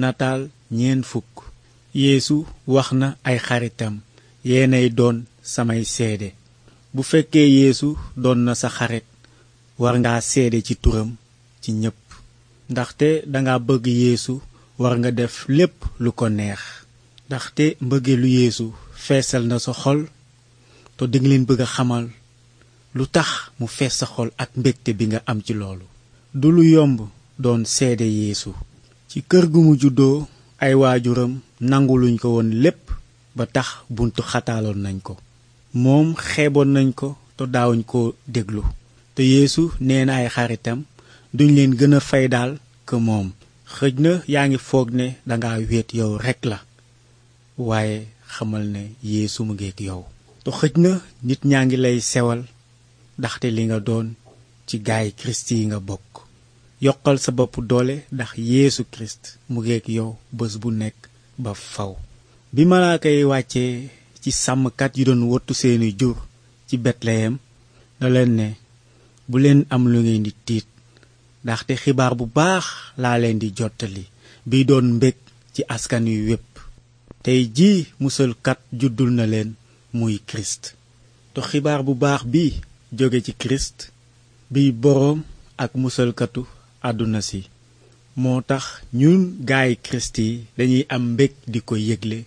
nataal ñeent fukk yéesu wax na ay xaritam yéenay doon samay seede bu fekkee yéesu doon na sa xarit war nga seede ci turam ci ñépp ndaxte danga bëgg yéesu war nga def lépp lu ko neex ndaxte mbëggeelu yéesu feesal na sa xol te dinga leen bëgg a xamal lu tax mu fees sa xol ak mbégte bi nga am ci loolu du lu yomb doon seede yéesu ci kër gu mu juddoo ay waajuram nanguluñ ko woon lépp ba tax bunt xataloon nañ ko moom xeeboon nañ ko te daawuñ ko déglu te yéesu nee na ay xaritam duñ leen gën a fay daal que moom xëj na yaa ngi foog ne danga wéet yow rekk la waaye xamal ne yeesu mu ngeeg yow te xëj na nit ñaa ngi lay sewal ndaxte li nga doon ci gaay kirist yi nga bokk yokkal sa bopp doole ndax yéesu Kirist mu ngeeg yow bés bu nekk ba faw bi malaaka yi wàccee ci sàmmkat yi doon wottu seeni jur ci Betleyem da leen ne bu leen am lu ngeen di tiit ndaxte xibaar bu baax laa leen di jottali bi doon mbég ci askan wi wépp tey jii musalkat juddul na leen muy kirist te xibaar bu baax bi jóge ci kirist biy boroom ak musalkatu àdduna si moo tax ñun gaay Christ yi dañuy am mbég di ko yëgle